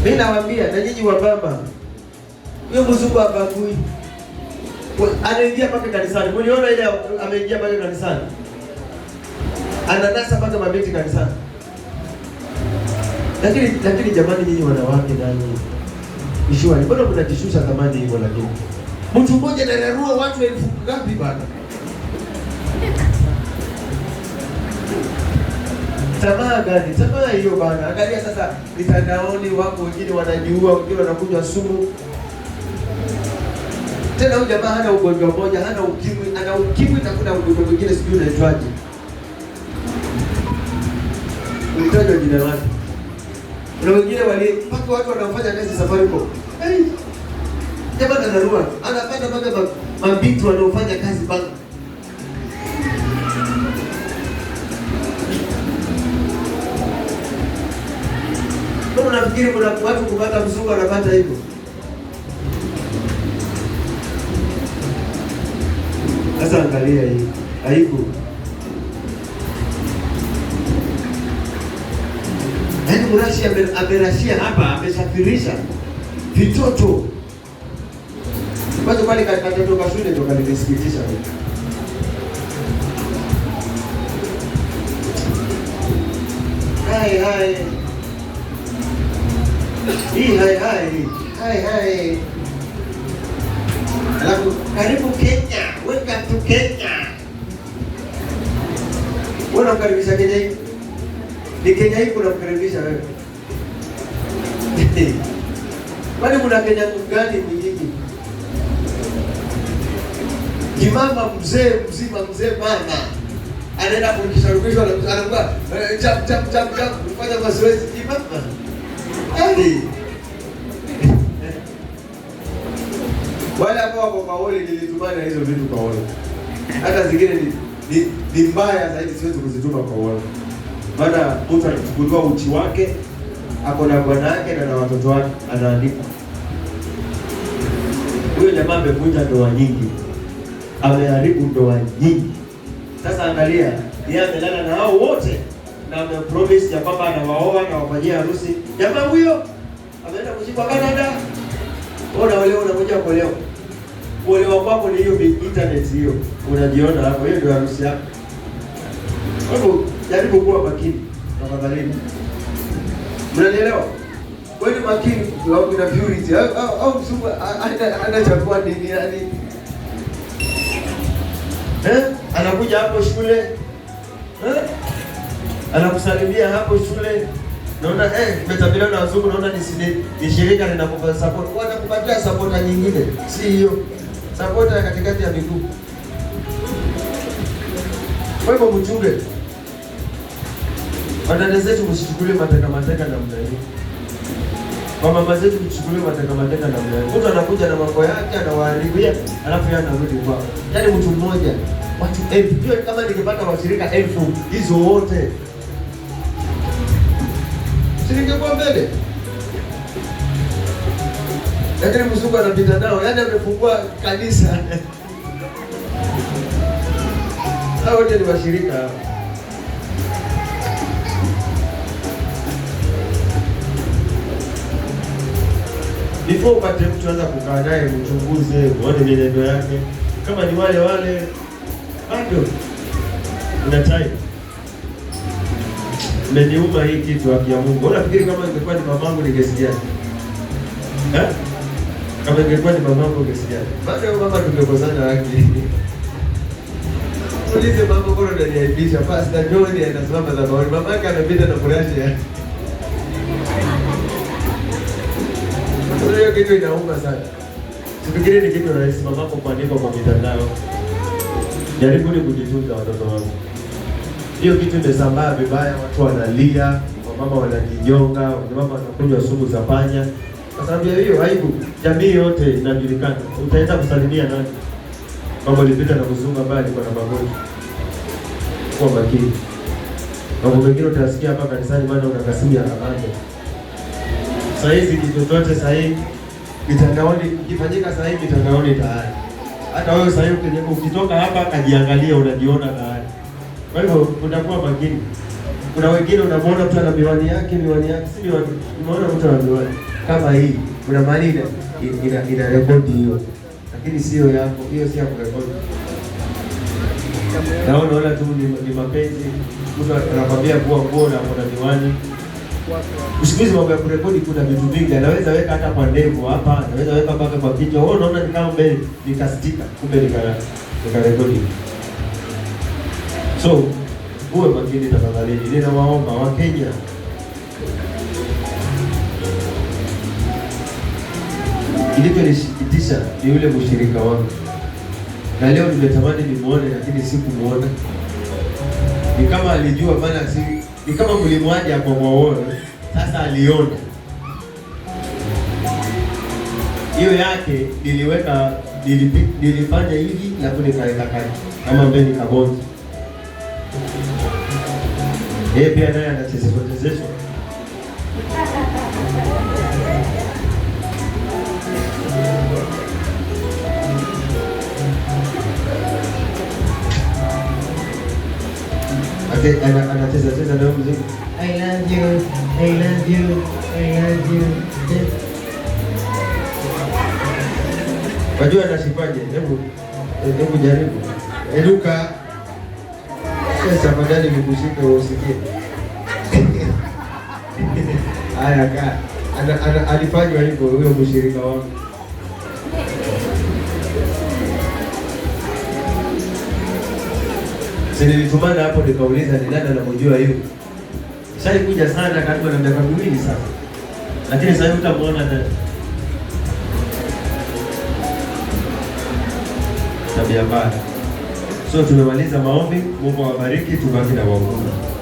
Mimi nawaambia na nyinyi wa baba, huyo mzungu abagui, anaingia mpaka kanisani. Mliona ile ameingia mpaka kanisani, ananasa mpaka mabeti kanisani. Lakini lakini jamani, nyinyi wanawake nani ishua, mbona mnajishusha thamani hivyo? Lakini mtu mmoja anararua watu elfu ngapi bwana? Tamaa gani? Tamaa hiyo bana. Angalia sasa mitandaoni, wako wengine wanajiua, wengine wanakunywa sumu. Tena huyu jamaa hana ugonjwa mmoja, hana ukimwi, ana ukimwi na kuna ugonjwa mwingine sijui unaitwaje. Ulitajwa jina lake. Na wengine wali mpaka watu wanaofanya kazi Safaricom. Hey. Jamaa anarua, anafanya mpaka mabitu wanaofanya kazi bank nafikiri kuna watu kupata msungu wanapata hivyo. Sasa angalia hii aibu, yaani mrashi amerashia hapa, amesafirisha vitoto kwanza pale katotoka shule ndo kalinisikitisha. Hai hai hii hai hai, alafu karibu Kenya, welcome to Kenya. Unamkaribisha Kenya hii, ni Kenya hii unamkaribisha wewe kwani kuna Kenya gani mwingine? Kimama mzee mzima mzee mama anaenda kushurukishwa, anakuwa eh, chap chap chap chap kufanya mazoezi kimama dini wale ambao wako kaoli, nilituma na hizo vitu kaoli, hata zingine ni mbaya zaidi, siwezi kuzituma kaoli, maana mtu anachukuliwa uchi wake, ako na bwana yake na na watoto wake, anaandika huyo jamaa amevunja ndoa nyingi, ameharibu ndoa nyingi. Sasa angalia, yeye amelala na hao wote na promise ya kwamba anawaoa na wafanyia harusi. Jamaa huyo ameenda kuzikwa Canada. Wewe wale unakuja kwa leo. Kuolewa kwako ni hiyo big internet hiyo. Unajiona hapo hiyo ndio harusi yako. Hebu jaribu kuwa makini tafadhali. Mnanielewa? Wewe ni makini kwa na purity. Au au msumba anachagua nini yani? Eh? Anakuja hapo shule. Eh? anakusalimia hapo shule, naona eh, umetabiriwa na wazungu, naona ni ni shirika linakupa support, wanakupatia support nyingine, si hiyo support ya katikati ya miguu. Kwa hivyo mchunge wadada zetu, msichukulie mateka mateka namna hiyo. Kwa mama zetu mchukulie mateka mateka namna hiyo. Mtu anakuja na mambo yake anawaharibia, alafu yeye anarudi kwao. Yaani mtu mmoja watu elfu, kama nikipata washirika elfu hizo wote silingekuwa mbele, lakini mzungu anapita nao, yaani amefungua kanisa. Hao wote ni washirika Before upate mtu anza kukaa naye, mchunguze, uone mienendo yake, kama ni wale wale bado una time mmeniuma hii kitu haki ya Mungu. fikiri kama ingekuwa ni mamangu ningesikia? Eh? Kama ingekuwa ni mamangu ningesikia. Baada ya mama tungekosana haki. Ulize mama mbona unaniaibisha? Pastor John anasimama madhabahuni. Mamake amepita na ya. furaha. Hiyo kitu inauma sana. Sifikiri ni kitu rahisi mamako kuandika kwa mitandao. Jaribu ni kujitunza watoto wangu. Hiyo kitu imesambaa vibaya, watu wanalia, mama wanajinyonga, mama wanakunywa sumu za panya kwa sababu ya hiyo aibu. Jamii yote inajulikana, utaenda kusalimia nani? Mambo lipita na kuzunga mbali kwa namba moja. Kuwa makini, mambo mengine utasikia hapa kanisani, maana unakasimia abande saa hizi kitotote saa mitandaoni kifanyika saa mitandaoni tayari. Hata wewe saa ukitoka hapa, kajiangalia, unajiona tayari. Kwa hivyo kutakuwa pengine kuna wengine unamwona mtu ana miwani yake miwani yake si miwani, unaona mtu ana miwani kama hii, kuna mali ina, ina, ina rekodi hiyo, lakini sio yako hiyo, si ya kurekodi. Na unaona tu ni, ni mapenzi. Mtu anakwambia kuwa nguo na kuna miwani usikizi mambo ya kurekodi, kuna vitu vingi anaweza weka hata kwa ndevu hapa, anaweza weka mpaka kwa kichwa. Wewe unaona ni kama mbele nikastika, kumbe nikarekodi nika So uwe makini tafadhali, ninawaomba Wakenya Ilivyonisikitisha ni yule mshirika wangu, na leo nimetamani nimuone, lakini sikumuona. Ni kama alijua, maana si ni kama mlimwaje hapo Sasa aliona hiyo yake, niliweka nilifanya hivi, lakini nikaweka kama mbeni kabonzi yeye pia naye anatesepotezeshwa. Anacheza cheza na muziki. I love you, I love you, I love you. Wajua anashipaje? Hebu hebu jaribu. Eduka pesa tafadhali nikushike usikie. Haya, alifanywa hivyo huyo mshirika wangu. Nilitumana hapo nikauliza ni nani anamjua hiyo. kuja sana karibu na miaka miwili sasa. Lakini sasa utamwona tena. Tabia mbaya. So tumemaliza maombi, Mungu awabariki, tubaki na waumini.